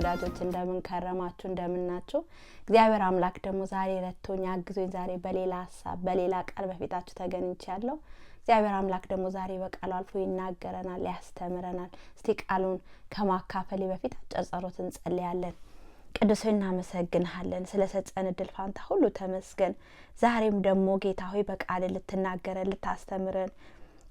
ወዳጆች እንደምንከረማችሁ እንደምናችሁ። እግዚአብሔር አምላክ ደግሞ ዛሬ ረድቶኝ አግዞኝ ዛሬ በሌላ ሀሳብ በሌላ ቃል በፊታችሁ ተገኝቻለሁ። እግዚአብሔር አምላክ ደግሞ ዛሬ በቃሉ አልፎ ይናገረናል፣ ያስተምረናል። እስቲ ቃሉን ከማካፈሌ በፊት አጭር ጸሎት እንጸልያለን። ቅዱስ ሆይ እናመሰግንሃለን፣ ስለ ሰጠን እድል ፋንታ ሁሉ ተመስገን። ዛሬም ደግሞ ጌታ ሆይ በቃል ልትናገረን ልታስተምረን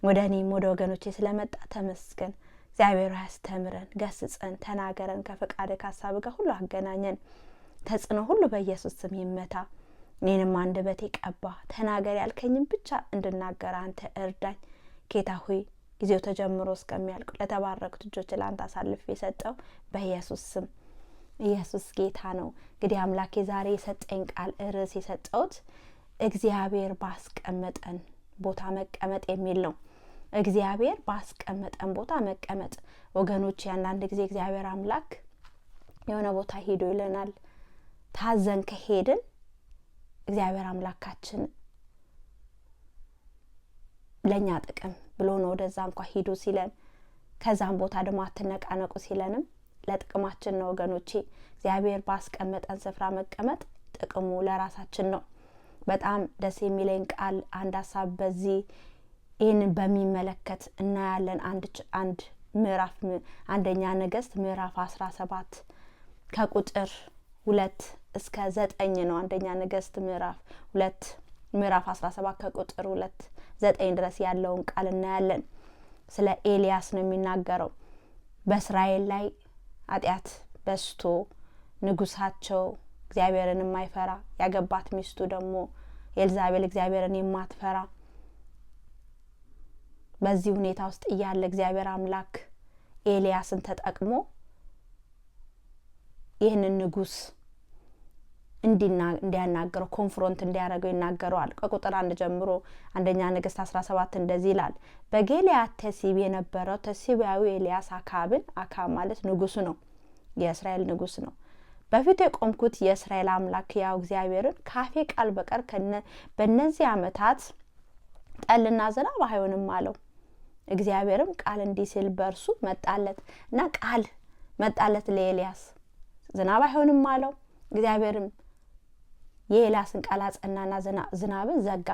ወደ እኔም ወደ ወገኖቼ ስለመጣ ተመስገን። እግዚአብሔር ያስተምረን፣ ገስጸን፣ ተናገረን፣ ከፈቃደ ከሀሳብ ጋር ሁሉ አገናኘን። ተጽዕኖ ሁሉ በኢየሱስ ስም ይመታ። እኔንም አንደበቴ ቀባ፣ ተናገር ያልከኝም ብቻ እንድናገር አንተ እርዳኝ። ጌታ ሆይ ጊዜው ተጀምሮ እስከሚያልቅ ለተባረኩት እጆች ለአንተ አሳልፍ የሰጠው በኢየሱስ ስም። ኢየሱስ ጌታ ነው። እንግዲህ አምላኬ ዛሬ የሰጠኝ ቃል ርዕስ የሰጠውት እግዚአብሔር ባስቀመጠን ቦታ መቀመጥ የሚል ነው። እግዚአብሔር ባስቀመጠን ቦታ መቀመጥ። ወገኖች አንዳንድ ጊዜ እግዚአብሔር አምላክ የሆነ ቦታ ሄዶ ይለናል። ታዘን ከሄድን እግዚአብሔር አምላካችን ለእኛ ጥቅም ብሎ ነው ወደዛ እንኳ ሂዱ ሲለን፣ ከዛም ቦታ ደግሞ አትነቃነቁ ሲለንም ለጥቅማችን ነው። ወገኖቼ እግዚአብሔር ባስቀመጠን ስፍራ መቀመጥ ጥቅሙ ለራሳችን ነው። በጣም ደስ የሚለኝ ቃል አንድ ሀሳብ በዚህ ይህንን በሚመለከት እናያለን። አንድ ምዕራፍ አንደኛ ነገስት ምዕራፍ አስራ ሰባት ከቁጥር ሁለት እስከ ዘጠኝ ነው። አንደኛ ነገስት ምዕራፍ ሁለት ምዕራፍ አስራ ሰባት ከቁጥር ሁለት ዘጠኝ ድረስ ያለውን ቃል እናያለን። ስለ ኤልያስ ነው የሚናገረው። በእስራኤል ላይ ኃጢአት በስቶ ንጉሳቸው እግዚአብሔርን የማይፈራ ያገባት ሚስቱ ደግሞ ኤልዛቤል እግዚአብሔርን የማትፈራ በዚህ ሁኔታ ውስጥ እያለ እግዚአብሔር አምላክ ኤልያስን ተጠቅሞ ይህንን ንጉስ እንዲያናገረው ኮንፍሮንት እንዲያደርገው ይናገረዋል። ከቁጥር አንድ ጀምሮ አንደኛ ነገስት አስራ ሰባት እንደዚህ ይላል። በጌልያት ተሲብ የነበረው ተሲቢያዊ ኤልያስ አካብን አካብ ማለት ንጉሱ ነው፣ የእስራኤል ንጉስ ነው። በፊቱ የቆምኩት የእስራኤል አምላክ ያው እግዚአብሔርን ካፌ ቃል በቀር በእነዚህ አመታት ጠልና ዝናብ አይሆንም አለው። እግዚአብሔርም ቃል እንዲህ ሲል በእርሱ መጣለት እና ቃል መጣለት ለኤልያስ ዝናብ አይሆንም አለው። እግዚአብሔርም የኤልያስን ቃል አጸናና ዝናብን ዘጋ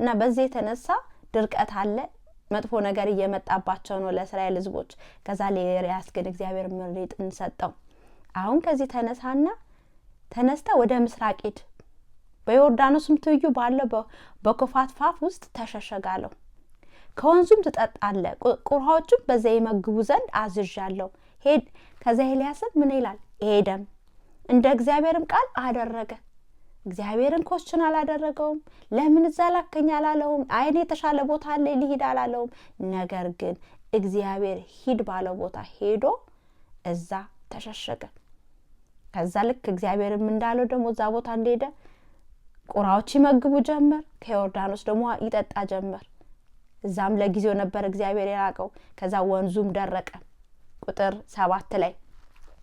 እና በዚህ የተነሳ ድርቀት አለ። መጥፎ ነገር እየመጣባቸው ነው ለእስራኤል ህዝቦች። ከዛ ለኤልያስ ግን እግዚአብሔር ምሪጥን ሰጠው። አሁን ከዚህ ተነሳና ተነስተ ወደ ምስራቅ ሂድ፣ በዮርዳኖስም ትይዩ ባለው በኮፋት ፋፍ ውስጥ ተሸሸጋለሁ ከወንዙም ትጠጣለ፣ ቁርሆቹም በዛ ይመግቡ ዘንድ አዝዣለሁ። ሄድ ከዛ ኤልያስም ምን ይላል? ሄደም እንደ እግዚአብሔርም ቃል አደረገ። እግዚአብሔርን ኮስችን አላደረገውም። ለምን እዛ ላከኝ አላለውም። አይን የተሻለ ቦታ አለ ሊሂድ አላለውም። ነገር ግን እግዚአብሔር ሂድ ባለው ቦታ ሄዶ እዛ ተሸሸገ። ከዛ ልክ እግዚአብሔርም እንዳለው ደግሞ እዛ ቦታ እንደሄደ ቁራዎች ይመግቡ ጀመር። ከዮርዳኖስ ደግሞ ይጠጣ ጀመር። እዛም ለጊዜው ነበር እግዚአብሔር የራቀው። ከዛ ወንዙም ደረቀ። ቁጥር ሰባት ላይ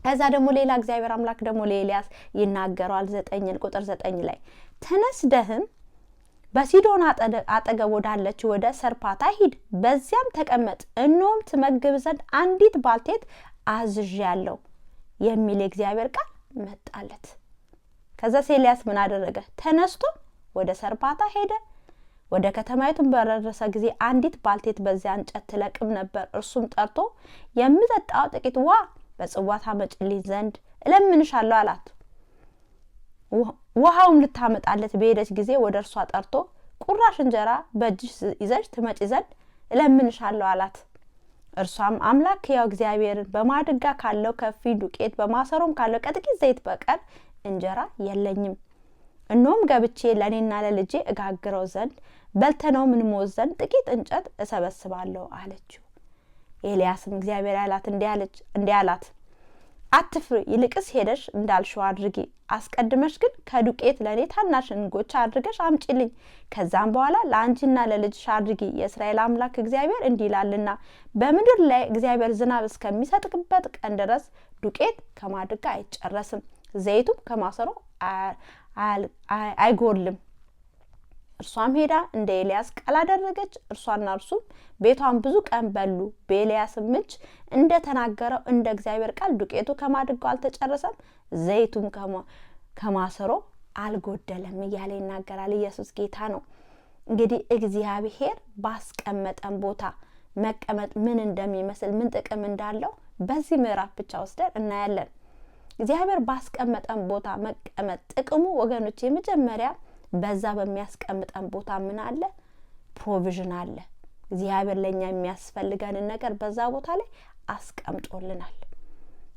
ከዛ ደግሞ ሌላ እግዚአብሔር አምላክ ደግሞ ለኤልያስ ይናገረዋል። ዘጠኝን ቁጥር ዘጠኝ ላይ ተነስደህም በሲዶን አጠገብ ወዳለች ወደ ሰርፓታ ሂድ፣ በዚያም ተቀመጥ። እነሆም ትመግብ ዘንድ አንዲት ባልቴት አዝዣለሁ የሚል የእግዚአብሔር ቃል መጣለት። ከዛ ኤልያስ ምን አደረገ? ተነስቶ ወደ ሰርፓታ ሄደ። ወደ ከተማይቱን በደረሰ ጊዜ አንዲት ባልቴት በዚያ እንጨት ትለቅም ነበር። እርሱም ጠርቶ የምጠጣው ጥቂት ውሃ በጽዋ ታመጭልኝ ዘንድ እለምንሻለሁ አላት። ውሃውም ልታመጣለት በሄደች ጊዜ ወደ እርሷ ጠርቶ ቁራሽ እንጀራ በእጅሽ ይዘሽ ትመጪ ዘንድ እለምንሻለሁ አላት። እርሷም አምላክ ያው እግዚአብሔርን በማድጋ ካለው ከፊ ዱቄት በማሰሮም ካለው ከጥቂት ዘይት በቀር እንጀራ የለኝም። እኖም ገብቼ ለእኔና ለልጄ እጋግረው ዘንድ በልተነው ምንሞት ዘንድ ጥቂት እንጨት እሰበስባለሁ አለችው። ኤልያስም እግዚአብሔር ያላት እንዲህ አላት፣ አትፍሪ፣ ይልቅስ ሄደሽ እንዳልሽው አድርጊ። አስቀድመሽ ግን ከዱቄት ለእኔ ታናሽ እንጎቻ አድርገሽ አምጪልኝ። ከዛም በኋላ ለአንቺና ለልጅሽ አድርጊ። የእስራኤል አምላክ እግዚአብሔር እንዲህ ይላልና በምድር ላይ እግዚአብሔር ዝናብ እስከሚሰጥቅበት ቀን ድረስ ዱቄት ከማድጋ አይጨረስም፣ ዘይቱም ከማሰሮ አይጎልም። እርሷም ሄዳ እንደ ኤልያስ ቃል አደረገች። እርሷና እርሱም ቤቷን ብዙ ቀን በሉ። በኤልያስም እጅ እንደ ተናገረው እንደ እግዚአብሔር ቃል ዱቄቱ ከማድጋው አልተጨረሰም፣ ዘይቱም ከማሰሮ አልጎደለም እያለ ይናገራል። ኢየሱስ ጌታ ነው። እንግዲህ እግዚአብሔር ባስቀመጠን ቦታ መቀመጥ ምን እንደሚመስል ምን ጥቅም እንዳለው በዚህ ምዕራፍ ብቻ ወስደን እናያለን። እግዚአብሔር ባስቀመጠን ቦታ መቀመጥ ጥቅሙ ወገኖች የመጀመሪያ በዛ በሚያስቀምጠን ቦታ ምን አለ? ፕሮቪዥን አለ። እግዚአብሔር ለእኛ የሚያስፈልገንን ነገር በዛ ቦታ ላይ አስቀምጦልናል።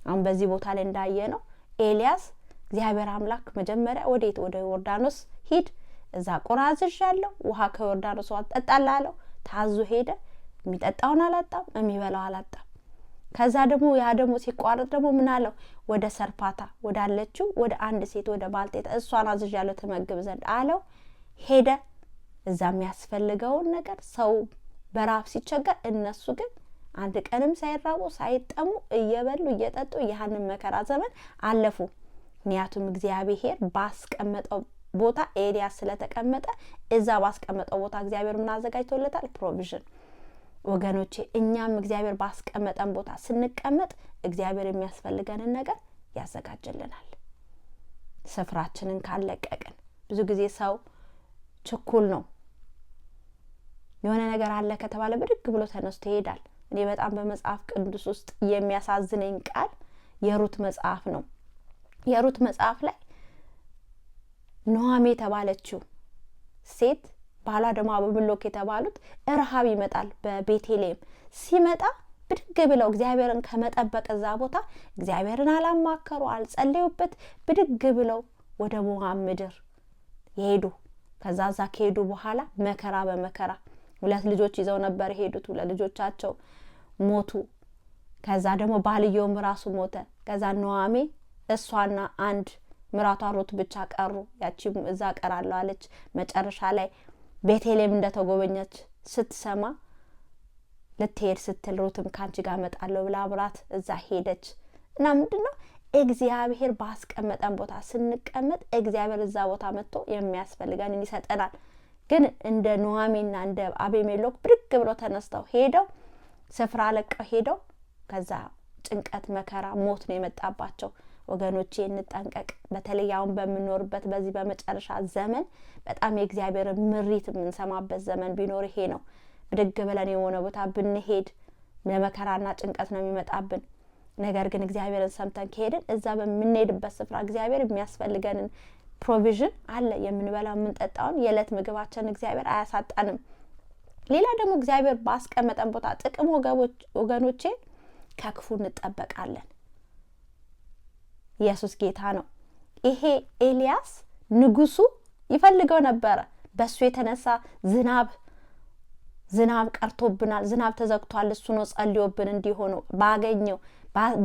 አሁን በዚህ ቦታ ላይ እንዳየ ነው ኤልያስ እግዚአብሔር አምላክ መጀመሪያ ወዴት ወደ ዮርዳኖስ ሂድ፣ እዛ ቆራዝዣለሁ፣ ውሃ ከዮርዳኖስ ውሃ ታዞ ሄደ። የሚጠጣውን አላጣም፣ የሚበላው አላጣም። ከዛ ደግሞ ያ ደግሞ ሲቋረጥ ደግሞ ምን አለው ወደ ሰርፓታ ወዳለችው ወደ አንድ ሴት ወደ ባልጤታ እሷን አዝዣለሁ ትመግብ ዘንድ አለው። ሄደ እዛ የሚያስፈልገውን ነገር ሰው በራብ ሲቸገር፣ እነሱ ግን አንድ ቀንም ሳይራቡ ሳይጠሙ እየበሉ እየጠጡ ያህንን መከራ ዘመን አለፉ። ምክንያቱም እግዚአብሔር ባስቀመጠው ቦታ ኤልያስ ስለተቀመጠ እዛ ባስቀመጠው ቦታ እግዚአብሔር ምን አዘጋጅቶለታል? ፕሮቪዥን ወገኖቼ እኛም እግዚአብሔር ባስቀመጠን ቦታ ስንቀመጥ እግዚአብሔር የሚያስፈልገንን ነገር ያዘጋጅልናል። ስፍራችንን ካለቀቅን ብዙ ጊዜ ሰው ችኩል ነው። የሆነ ነገር አለ ከተባለ ብድግ ብሎ ተነስቶ ይሄዳል። እኔ በጣም በመጽሐፍ ቅዱስ ውስጥ የሚያሳዝነኝ ቃል የሩት መጽሐፍ ነው። የሩት መጽሐፍ ላይ ኖሃሜ የተባለችው ሴት ባህሏ ደግሞ አቤሜሌክ የተባሉት እርሃብ ይመጣል በቤቴሌም ሲመጣ ብድግ ብለው እግዚአብሔርን ከመጠበቅ እዛ ቦታ እግዚአብሔርን አላማከሩ አልጸለዩበት፣ ብድግ ብለው ወደ ሞዓብ ምድር ሄዱ ከዛ ዛ ከሄዱ በኋላ መከራ በመከራ ሁለት ልጆች ይዘው ነበር የሄዱት። ሁለት ልጆቻቸው ሞቱ። ከዛ ደግሞ ባልየውም ራሱ ሞተ። ከዛ ነዋሜ እሷና አንድ ምራቷ ሩት ብቻ ቀሩ። ያቺ እዛ ቀራለሁ አለች መጨረሻ ላይ ቤቴሌም እንደተጎበኘች ስትሰማ ልትሄድ ስትል ሩትም ከአንቺ ጋር እመጣለሁ ብላ አብራት እዛ ሄደች እና ምንድን ነው እግዚአብሔር ባስቀመጠን ቦታ ስንቀመጥ እግዚአብሔር እዛ ቦታ መጥቶ የሚያስፈልገንን ይሰጠናል። ግን እንደ ኑኃሚንና እንደ አቤሜሌክ ብድግ ብሎ ተነስተው ሄደው ስፍራ ለቀው ሄደው ከዛ ጭንቀት፣ መከራ፣ ሞት ነው የመጣባቸው። ወገኖቼ እንጠንቀቅ። በተለይ አሁን በምኖርበት በዚህ በመጨረሻ ዘመን በጣም የእግዚአብሔርን ምሪት የምንሰማበት ዘመን ቢኖር ይሄ ነው። ብድግ ብለን የሆነ ቦታ ብንሄድ ለመከራና ጭንቀት ነው የሚመጣብን። ነገር ግን እግዚአብሔርን ሰምተን ከሄድን እዛ በምንሄድበት ስፍራ እግዚአብሔር የሚያስፈልገንን ፕሮቪዥን አለ። የምንበላው የምንጠጣውን የዕለት ምግባችን እግዚአብሔር አያሳጣንም። ሌላ ደግሞ እግዚአብሔር ባስቀመጠን ቦታ ጥቅም ወገኖቼ ከክፉ እንጠበቃለን። ኢየሱስ ጌታ ነው። ይሄ ኤልያስ ንጉሱ ይፈልገው ነበረ። በእሱ የተነሳ ዝናብ ዝናብ ቀርቶብናል፣ ዝናብ ተዘግቷል። እሱ ነው ጸልዮብን እንዲሆኑ ባገኘው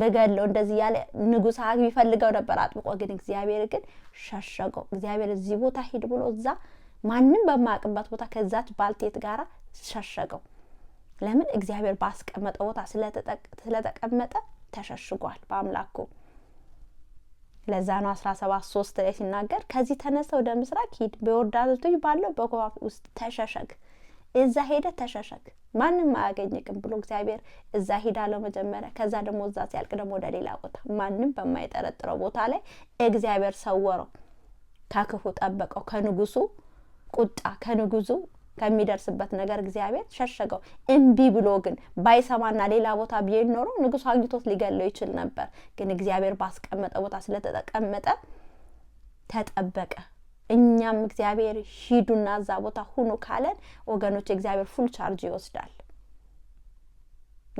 በገለው እንደዚህ ያለ ንጉሥ ሀግ ይፈልገው ነበር አጥብቆ። ግን እግዚአብሔር ግን ሸሸገው። እግዚአብሔር እዚህ ቦታ ሂድ ብሎ እዛ ማንም በማያውቅበት ቦታ ከዛች ባልቴት ጋራ ሸሸገው። ለምን? እግዚአብሔር ባስቀመጠ ቦታ ስለተቀመጠ ተሸሽጓል በአምላኩ ለዛ ነው አስራ ሰባት ሶስት ላይ ሲናገር ከዚህ ተነስተ ወደ ምስራቅ ሂድ፣ በዮርዳኖስ ባለው በኮረብ ውስጥ ተሸሸግ፣ እዛ ሄደ ተሸሸግ፣ ማንም አያገኝቅም ብሎ እግዚአብሔር እዛ ሂድ አለው መጀመሪያ። ከዛ ደግሞ እዛ ሲያልቅ ደግሞ ወደ ሌላ ቦታ ማንም በማይጠረጥረው ቦታ ላይ እግዚአብሔር ሰወረው፣ ከክፉ ጠበቀው፣ ከንጉሱ ቁጣ ከንጉሱ ከሚደርስበት ነገር እግዚአብሔር ሸሸገው። እምቢ ብሎ ግን ባይሰማና ሌላ ቦታ ብሄድ ኖሮ ንጉሱ አግኝቶት ሊገለው ይችል ነበር። ግን እግዚአብሔር ባስቀመጠ ቦታ ስለተቀመጠ ተጠበቀ። እኛም እግዚአብሔር ሂዱና እዛ ቦታ ሁኑ ካለን ወገኖች እግዚአብሔር ፉል ቻርጅ ይወስዳል።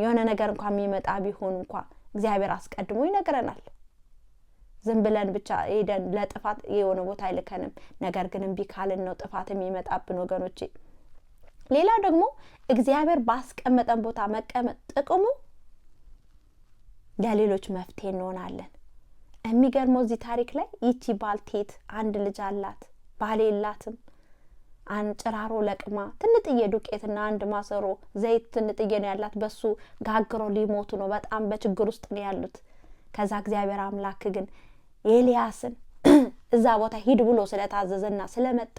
የሆነ ነገር እንኳ የሚመጣ ቢሆን እንኳ እግዚአብሔር አስቀድሞ ይነግረናል። ዝም ብለን ብቻ ሄደን ለጥፋት የሆነ ቦታ አይልከንም። ነገር ግን እምቢ ካልን ነው ጥፋት የሚመጣብን ወገኖቼ። ሌላው ደግሞ እግዚአብሔር ባስቀመጠን ቦታ መቀመጥ ጥቅሙ ለሌሎች መፍትሄ እንሆናለን። የሚገርመው እዚህ ታሪክ ላይ ይቺ ባልቴት አንድ ልጅ አላት፣ ባል የላትም። ጭራሮ ለቅማ ትንጥዬ ዱቄትና አንድ ማሰሮ ዘይት ትንጥዬ ነው ያላት። በሱ ጋግሮ ሊሞቱ ነው። በጣም በችግር ውስጥ ነው ያሉት። ከዛ እግዚአብሔር አምላክ ግን ኤልያስን እዛ ቦታ ሂድ ብሎ ስለታዘዘና ስለመጣ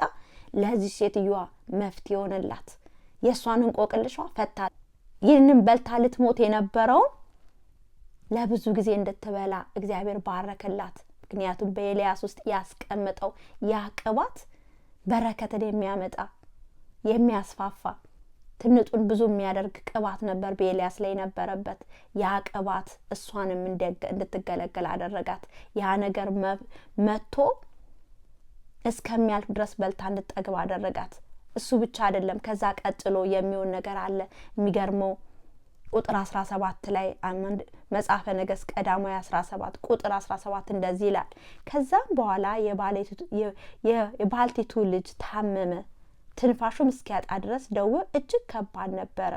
ለዚህ ሴትዮዋ መፍትሄ ሆነላት። የእሷን እንቆቅልሿ ፈታ። ይህንን በልታ ልትሞት የነበረውን ለብዙ ጊዜ እንድትበላ እግዚአብሔር ባረከላት። ምክንያቱም በኤልያስ ውስጥ ያስቀምጠው ያ ቅባት በረከትን የሚያመጣ የሚያስፋፋ ትንጡን ብዙ የሚያደርግ ቅባት ነበር በኤልያስ ላይ የነበረበት። ያ ቅባት እሷንም እንድትገለገል አደረጋት። ያ ነገር መጥቶ እስከሚያልፍ ድረስ በልታ እንድጠግብ አደረጋት። እሱ ብቻ አይደለም። ከዛ ቀጥሎ የሚሆን ነገር አለ። የሚገርመው ቁጥር 1ሰባት ላይ መጽሐፈ ነገስት ቀዳማዊ ሰባት ቁጥር 17 እንደዚህ ይላል። ከዛም በኋላ የባልቲቱ ልጅ ታመመ፣ ትንፋሹም እስኪያጣ ድረስ ደዌው እጅግ ከባድ ነበረ።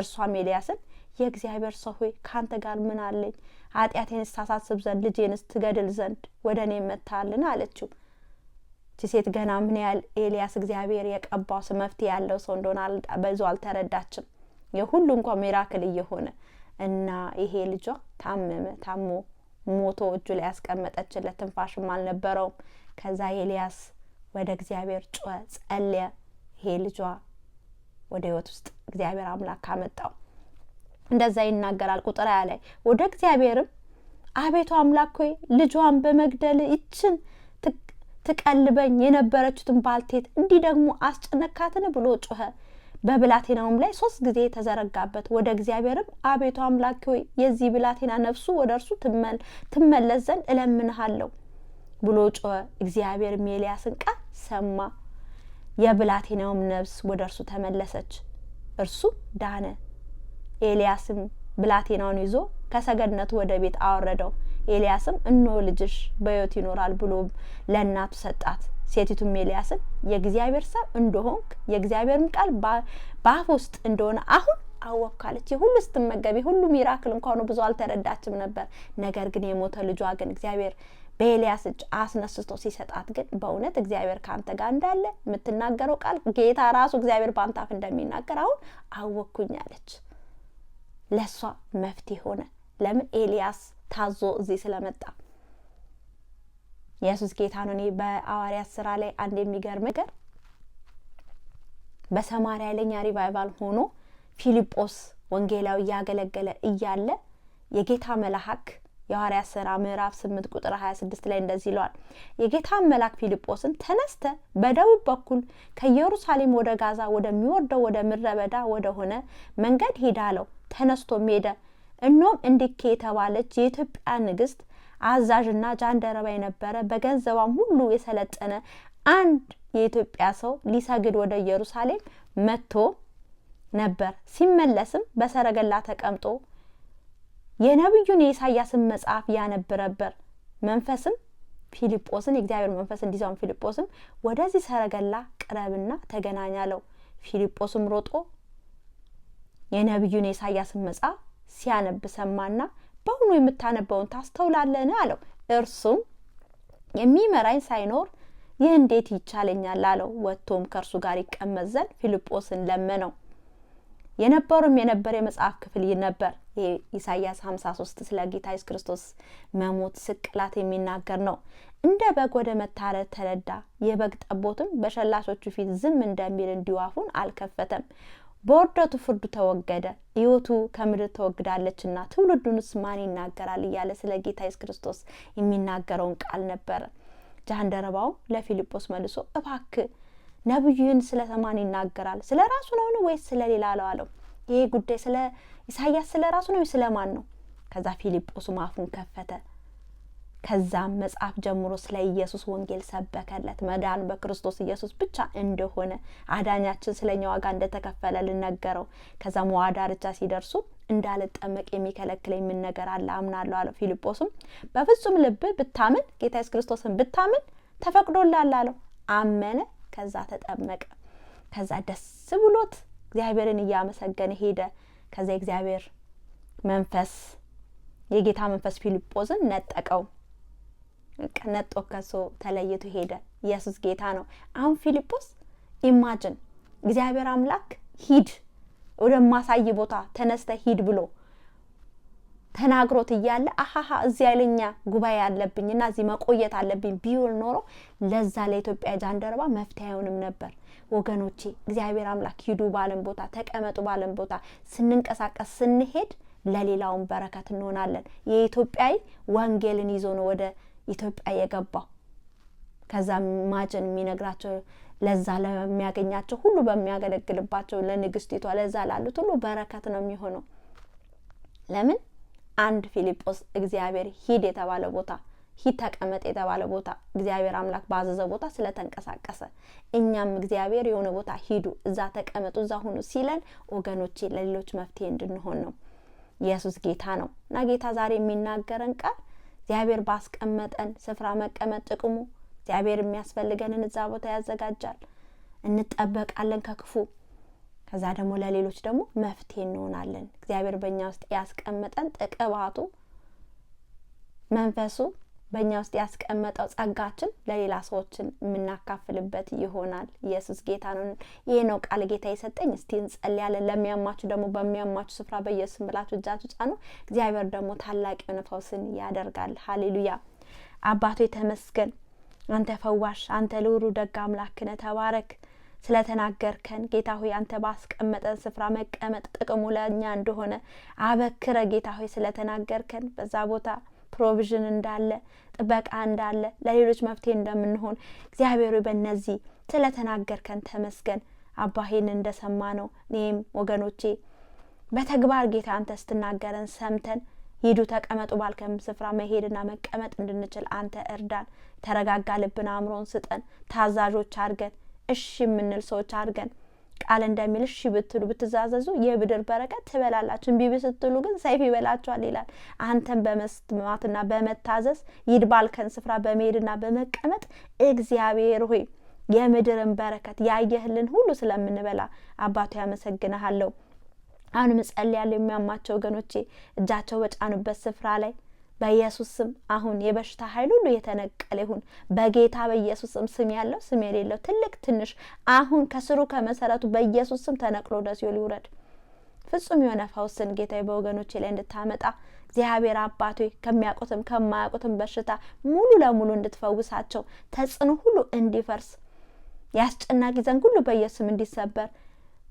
እርሷም ኤልያስን የእግዚአብሔር ሰው ሆይ ከአንተ ጋር ምን አለኝ? ኃጢአቴንስ ታሳስብ ዘንድ ልጄንስ ትገድል ዘንድ ወደ እኔ መታልን አለችው። ቺ ሴት ገና ምን ያህል ኤልያስ እግዚአብሔር የቀባው መፍትሄ ያለው ሰው እንደሆነ በዙ አልተረዳችም። የሁሉ እንኳ ሚራክል እየሆነ እና ይሄ ልጇ ታመመ፣ ታሞ ሞቶ እጁ ላይ ያስቀመጠችለት ትንፋሽም አልነበረውም። ከዛ ኤልያስ ወደ እግዚአብሔር ጮኸ፣ ጸለየ። ይሄ ልጇ ወደ ህይወት ውስጥ እግዚአብሔር አምላክ ካመጣው እንደዛ ይናገራል። ቁጥር ያ ላይ ወደ እግዚአብሔርም አቤቱ አምላክ ሆይ ልጇን በመግደል ይችን ትቀልበኝ የነበረችትን ባልቴት እንዲህ ደግሞ አስጨነካትን ብሎ ጮኸ። በብላቴናውም ላይ ሶስት ጊዜ ተዘረጋበት። ወደ እግዚአብሔርም አቤቱ አምላኬ ሆይ የዚህ ብላቴና ነፍሱ ወደ እርሱ ትመለስ ዘንድ እለምንሃለሁ ብሎ ጮኸ። እግዚአብሔርም የኤልያስን ቃል ሰማ። የብላቴናውም ነፍስ ወደ እርሱ ተመለሰች፣ እርሱ ዳነ። ኤልያስም ብላቴናውን ይዞ ከሰገነቱ ወደ ቤት አወረደው። ኤልያስም እኖ ልጅሽ በሕይወት ይኖራል ብሎ ለእናቱ ሰጣት። ሴቲቱም ኤልያስን የእግዚአብሔር ሰብ እንደሆንክ የእግዚአብሔርም ቃል በአፍ ውስጥ እንደሆነ አሁን አወካለች። የሁሉ ስትመገብ የሁሉ ሚራክል እንኳን ብዙ አልተረዳችም ነበር። ነገር ግን የሞተ ልጇ ግን እግዚአብሔር በኤልያስ እጅ አስነስቶ ሲሰጣት ግን በእውነት እግዚአብሔር ከአንተ ጋር እንዳለ የምትናገረው ቃል ጌታ ራሱ እግዚአብሔር በአንተ አፍ እንደሚናገር አሁን አወኩኝ አለች። ለእሷ መፍትሄ ሆነ። ለምን ኤልያስ ታዞ እዚህ ስለመጣ ኢየሱስ ጌታ ነው። እኔ በአዋርያት ስራ ላይ አንድ የሚገርም ነገር በሰማሪያ ለኛ ሪቫይቫል ሆኖ ፊልጶስ ወንጌላዊ እያገለገለ እያለ የጌታ መልአክ የሐዋርያት ስራ ምዕራፍ ስምንት ቁጥር ሀያ ስድስት ላይ እንደዚህ ይለዋል። የጌታ መልአክ ፊልጶስን ተነስተ በደቡብ በኩል ከኢየሩሳሌም ወደ ጋዛ ወደሚወርደው ወደ ምድረ በዳ ወደ ሆነ መንገድ ሂድ አለው። ተነስቶም ሄደ። እኖም እንዲኬ የተባለች የኢትዮጵያ ንግስት አዛዥና ጃንደረባ የነበረ በገንዘቧም ሁሉ የሰለጠነ አንድ የኢትዮጵያ ሰው ሊሰግድ ወደ ኢየሩሳሌም መጥቶ ነበር። ሲመለስም በሰረገላ ተቀምጦ የነቢዩን የኢሳያስን መጽሐፍ ያነብ ነበር። መንፈስም ፊልጶስን የእግዚአብሔር መንፈስ እንዲዛውን ፊልጶስም ወደዚህ ሰረገላ ቅረብና ተገናኝ አለው። ፊልጶስም ሮጦ የነቢዩን የኢሳያስን መጽሐፍ ሲያነብ ሰማና በውኑ የምታነበውን ታስተውላለን? አለው። እርሱም የሚመራኝ ሳይኖር ይህ እንዴት ይቻለኛል አለው። ወጥቶም ከእርሱ ጋር ይቀመጥ ዘንድ ፊልጶስን ለመነው። የነበሩም የነበረ የመጽሐፍ ክፍል ነበር። ኢሳያስ 53 ስለ ጌታ ኢየሱስ ክርስቶስ መሞት ስቅላት የሚናገር ነው። እንደ በግ ወደ መታረድ ተረዳ። የበግ ጠቦትም በሸላቾቹ ፊት ዝም እንደሚል እንዲዋፉን አልከፈተም። በወርደቱ ፍርዱ ተወገደ፣ ህይወቱ ከምድር ተወግዳለችና ትውልዱንስ ማን ይናገራል እያለ ስለ ጌታ ኢየሱስ ክርስቶስ የሚናገረውን ቃል ነበረ። ጃንደረባው ለፊልጶስ መልሶ እባክ ነቢዩን ስለ ተማን ይናገራል ስለ ራሱ ነውን ወይስ ስለ ሌላ አለው አለው። ይሄ ጉዳይ ስለ ኢሳያስ ስለ ራሱ ነው ስለ ማን ነው? ከዛ ፊልጶስ ማፉን ከፈተ። ከዛም መጽሐፍ ጀምሮ ስለ ኢየሱስ ወንጌል ሰበከለት። መዳን በክርስቶስ ኢየሱስ ብቻ እንደሆነ አዳኛችን ስለ እኛ ዋጋ እንደተከፈለ ልነገረው። ከዛ መዋ ዳርቻ ሲደርሱ እንዳልጠመቅ የሚከለክለኝ ምን ነገር አለ? አምናለሁ አለው። ፊልጶስም በፍጹም ልብ ብታምን ጌታ ኢየሱስ ክርስቶስን ብታምን ተፈቅዶላል አለው። አመነ። ከዛ ተጠመቀ። ከዛ ደስ ብሎት እግዚአብሔርን እያመሰገነ ሄደ። ከዛ እግዚአብሔር መንፈስ የጌታ መንፈስ ፊልጶስን ነጠቀው። ቀነጦ ከሶ ተለይቶ ሄደ። ኢየሱስ ጌታ ነው። አሁን ፊልጶስ ኢማጅን እግዚአብሔር አምላክ ሂድ ወደማሳይ ቦታ ተነስተ ሂድ ብሎ ተናግሮት እያለ አሀሀ እዚያ ያለኛ ጉባኤ አለብኝ እና እዚህ መቆየት አለብኝ ቢውል ኖሮ ለዛ ለኢትዮጵያ ጃንደረባ መፍትሄ አይሆንም ነበር። ወገኖቼ እግዚአብሔር አምላክ ሂዱ ባለን ቦታ ተቀመጡ ባለን ቦታ ስንንቀሳቀስ ስንሄድ ለሌላውን በረከት እንሆናለን። የኢትዮጵያዊ ወንጌልን ይዞ ነው ወደ ኢትዮጵያ የገባው። ከዛ ማጭን የሚነግራቸው ለዛ ለሚያገኛቸው ሁሉ በሚያገለግልባቸው ለንግስቲቷ ለዛ ላሉት ሁሉ በረከት ነው የሚሆነው። ለምን አንድ ፊልጶስ እግዚአብሔር ሂድ የተባለ ቦታ ሂድ ተቀመጥ የተባለ ቦታ እግዚአብሔር አምላክ ባዘዘ ቦታ ስለተንቀሳቀሰ፣ እኛም እግዚአብሔር የሆነ ቦታ ሂዱ፣ እዛ ተቀመጡ፣ እዛ ሁኑ ሲለን ወገኖቼ ለሌሎች መፍትሄ እንድንሆን ነው። ኢየሱስ ጌታ ነው እና ጌታ ዛሬ የሚናገረን ቃል እግዚአብሔር ባስቀመጠን ስፍራ መቀመጥ ጥቅሙ እግዚአብሔር የሚያስፈልገንን እዛ ቦታ ያዘጋጃል። እንጠበቃለን ከክፉ ከዛ ደግሞ ለሌሎች ደግሞ መፍትሄ እንሆናለን። እግዚአብሔር በእኛ ውስጥ ያስቀመጠን ጥቅባቱ መንፈሱ በእኛ ውስጥ ያስቀመጠው ጸጋችን ለሌላ ሰዎችን የምናካፍልበት ይሆናል። ኢየሱስ ጌታ ነው። ይሄ ነው ቃል ጌታ የሰጠኝ። እስቲ እንጸልያለን። ለሚያማችሁ ደግሞ በሚያማችሁ ስፍራ በኢየሱስ ብላችሁ እጃችሁ ጫኑ። እግዚአብሔር ደግሞ ታላቅ የሆነ ፈውስን ያደርጋል። ሀሌሉያ። አባቱ የተመስገን አንተ ፈዋሽ፣ አንተ ልውሩ ደግ አምላክ ነህ። ተባረክ ስለተናገርከን ጌታ ሆይ አንተ ባስቀመጠን ስፍራ መቀመጥ ጥቅሙ ለእኛ እንደሆነ አበክረ ጌታ ሆይ ስለተናገርከን በዛ ቦታ ፕሮቪዥን እንዳለ ጥበቃ እንዳለ ለሌሎች መፍትሄ እንደምንሆን እግዚአብሔር በእነዚህ ስለተናገርከን ተመስገን። አባሄን እንደሰማ ነው። እኔም ወገኖቼ በተግባር ጌታ አንተ ስትናገረን ሰምተን ሂዱ ተቀመጡ ባልከም ስፍራ መሄድና መቀመጥ እንድንችል አንተ እርዳን። ተረጋጋ ልብን አእምሮን ስጠን። ታዛዦች አድርገን፣ እሺ የምንል ሰዎች አድርገን ቃል እንደሚልሽ ሺ ብትሉ ብትዛዘዙ የብድር በረከት ትበላላችሁ፣ እምቢ ብትሉ ግን ሰይፍ ይበላችኋል ይላል። አንተን በመስማትና በመታዘዝ ይድባልከን ስፍራ በመሄድና በመቀመጥ እግዚአብሔር ሆይ የምድርን በረከት ያየህልን ሁሉ ስለምንበላ አባቱ ያመሰግንሃለሁ። አሁን ምጸል የሚያማቸው ወገኖቼ እጃቸው በጫኑበት ስፍራ ላይ በኢየሱስ ስም አሁን የበሽታ ኃይል ሁሉ የተነቀለ ይሁን በጌታ በኢየሱስ ስም። ስም ያለው ስም የሌለው ትልቅ ትንሽ አሁን ከስሩ ከመሰረቱ በኢየሱስ ስም ተነቅሎ ወደ ሲኦል ይውረድ። ፍጹም የሆነ ፈውስን ጌታ በወገኖቼ ላይ እንድታመጣ እግዚአብሔር አባቶ ከሚያውቁትም ከማያውቁትም በሽታ ሙሉ ለሙሉ እንድትፈውሳቸው ተጽዕኖ ሁሉ እንዲፈርስ ያስጨናቂ ዘንግ ሁሉ በኢየሱስ ስም እንዲሰበር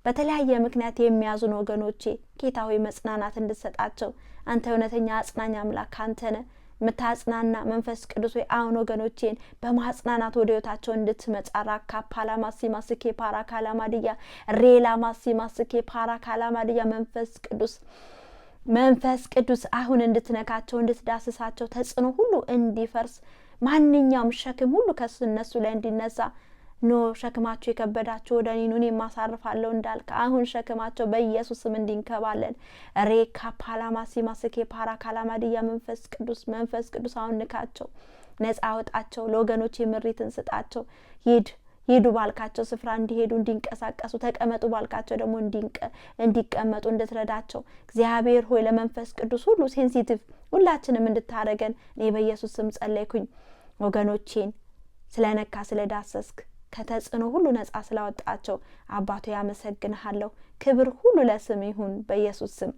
በተለያየ ምክንያት የሚያዙን ወገኖቼ ጌታ ሆይ መጽናናት እንድትሰጣቸው አንተ እውነተኛ አጽናኝ አምላክ አንተነ የምታጽናና መንፈስ ቅዱስ ሆይ አሁን ወገኖቼን በማጽናናት ወደ ህይወታቸው እንድትመጣ ራካ ፓላማሲ ማስኬ ፓራካላማድያ ሬላ ማሲ ማስኬ ፓራካላማድያ መንፈስ ቅዱስ መንፈስ ቅዱስ አሁን እንድትነካቸው እንድትዳስሳቸው ተጽዕኖ ሁሉ እንዲፈርስ ማንኛውም ሸክም ሁሉ ከእነሱ ላይ እንዲነሳ ኖ ሸክማቸው የከበዳቸው ወደ እኔ ኑ እኔም አሳርፋለሁ አሁን ሸክማቸው በኢየሱስ ስም እንዲንከባለን ሬካ ፓላማሲ ማስኬ ፓራ ካላማድያ መንፈስ ቅዱስ መንፈስ ቅዱስ አሁን ንካቸው፣ ነጻ አውጣቸው፣ ለወገኖች የምሪትን ስጣቸው። ሂድ ሂዱ ባልካቸው ስፍራ እንዲሄዱ እንዲንቀሳቀሱ፣ ተቀመጡ ባልካቸው ደግሞ እንዲቀመጡ እንድትረዳቸው እግዚአብሔር ሆይ ለመንፈስ ቅዱስ ሁሉ ሴንሲቲቭ ሁላችንም እንድታረገን እኔ በኢየሱስ ስም ጸለይኩኝ። ወገኖቼን ስለነካ ስለዳሰስክ ከተጽዕኖ ሁሉ ነፃ ስላወጣቸው አባቶ ያመሰግንሃለሁ። ክብር ሁሉ ለስም ይሁን በኢየሱስ ስም።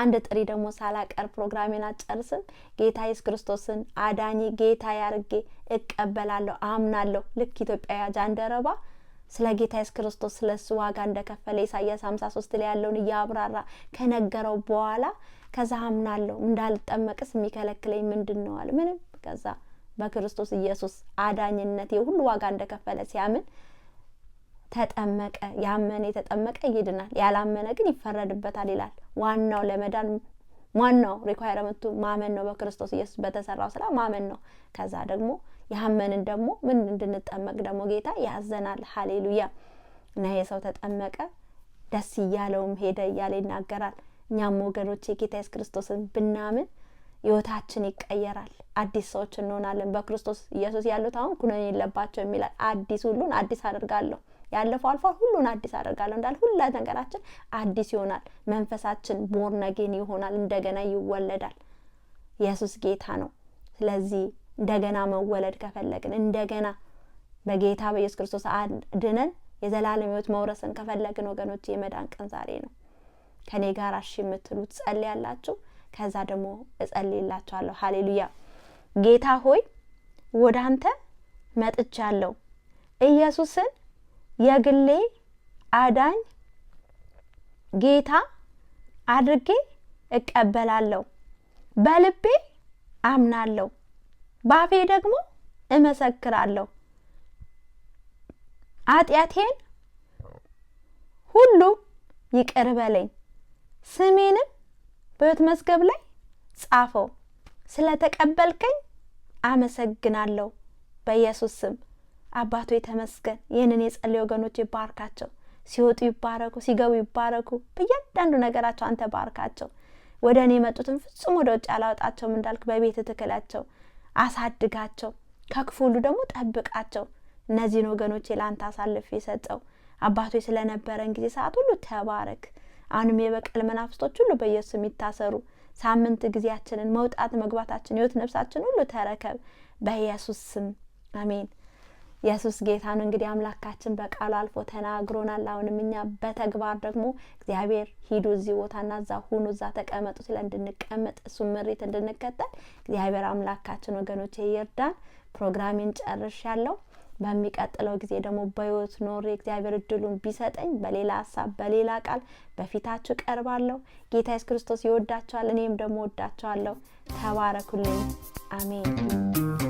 አንድ ጥሪ ደግሞ ሳላቀር ፕሮግራሜን አጨርስም። ጌታ ኢየሱስ ክርስቶስን አዳኝ ጌታ ያርጌ እቀበላለሁ፣ አምናለሁ። ልክ ኢትዮጵያዊ ጃንደረባ ስለ ጌታ ኢየሱስ ክርስቶስ ስለ እሱ ዋጋ እንደከፈለ ኢሳያስ ሀምሳ ሶስት ላይ ያለውን እያብራራ ከነገረው በኋላ ከዛ አምናለሁ እንዳልጠመቅስ የሚከለክለኝ ምንድን ነው አለ። ምንም ከዛ በክርስቶስ ኢየሱስ አዳኝነት የሁሉ ዋጋ እንደከፈለ ሲያምን ተጠመቀ። ያመነ የተጠመቀ ይድናል፣ ያላመነ ግን ይፈረድበታል ይላል። ዋናው ለመዳን ዋናው ሪኳይረመንቱ ማመን ነው። በክርስቶስ ኢየሱስ በተሰራው ስራ ማመን ነው። ከዛ ደግሞ ያመንን ደግሞ ምን እንድንጠመቅ ደግሞ ጌታ ያዘናል። ሀሌሉያ እና የሰው ተጠመቀ ደስ እያለውም ሄደ እያለ ይናገራል። እኛም ወገኖች ጌታ ኢየሱስ ክርስቶስን ብናምን ህይወታችን ይቀየራል። አዲስ ሰዎች እንሆናለን። በክርስቶስ ኢየሱስ ያሉት አሁን ኩነኔ የለባቸው የሚላል አዲስ ሁሉን አዲስ አደርጋለሁ ያለፈው አልፏል፣ ሁሉን አዲስ አደርጋለሁ እንዳለ ሁላ ነገራችን አዲስ ይሆናል። መንፈሳችን ቦርነጌን ይሆናል፣ እንደገና ይወለዳል። ኢየሱስ ጌታ ነው። ስለዚህ እንደገና መወለድ ከፈለግን እንደገና በጌታ በኢየሱስ ክርስቶስ አድነን የዘላለም ህይወት መውረስን ከፈለግን ወገኖች የመዳን ቀን ዛሬ ነው። ከኔ ጋር እሺ የምትሉ ትጸልያላችሁ፣ ከዛ ደግሞ እጸልይላችኋለሁ። ሀሌሉያ ጌታ ሆይ ወደ አንተ መጥቻለሁ። ኢየሱስን የግሌ አዳኝ ጌታ አድርጌ እቀበላለሁ። በልቤ አምናለሁ፣ ባፌ ደግሞ እመሰክራለሁ። አጥያቴን ሁሉ ይቅር በለኝ፣ ስሜንም በሕይወት መዝገብ ላይ ጻፈው። ስለተቀበልከኝ አመሰግናለሁ። በኢየሱስ ስም አባቶ የተመስገን። ይህንን የጸለዩ ወገኖች ይባርካቸው። ሲወጡ ይባረኩ፣ ሲገቡ ይባረኩ። በእያንዳንዱ ነገራቸው አንተ ባርካቸው። ወደ እኔ የመጡትን ፍጹም ወደ ውጭ አላወጣቸውም እንዳልክ በቤት ትክላቸው፣ አሳድጋቸው፣ ከክፉ ሁሉ ደግሞ ጠብቃቸው። እነዚህን ወገኖች ለአንተ አሳልፍ የሰጠው አባቶ ስለነበረን ጊዜ ሰዓት ሁሉ ተባረክ። አሁንም የበቀል መናፍስቶች ሁሉ በኢየሱስ የሚታሰሩ ሳምንት ጊዜያችንን መውጣት መግባታችን ህይወት ነፍሳችን ሁሉ ተረከብ በኢየሱስ ስም አሜን። ኢየሱስ ጌታ ነው። እንግዲህ አምላካችን በቃሉ አልፎ ተናግሮናል። አሁንም እኛ በተግባር ደግሞ እግዚአብሔር ሂዱ እዚህ ቦታና እዛ ሁኑ እዛ ተቀመጡ ስለ እንድንቀመጥ እሱ ምሪት እንድንከተል እግዚአብሔር አምላካችን ወገኖቼ ይርዳን። ፕሮግራሜን ጨርሻለሁ። በሚቀጥለው ጊዜ ደግሞ በህይወት ኖሬ እግዚአብሔር እድሉን ቢሰጠኝ በሌላ ሀሳብ በሌላ ቃል በፊታችሁ ቀርባለሁ። ጌታ ኢየሱስ ክርስቶስ ይወዳችኋል፣ እኔም ደግሞ ወዳችኋለሁ። ተባረኩልኝ። አሜን።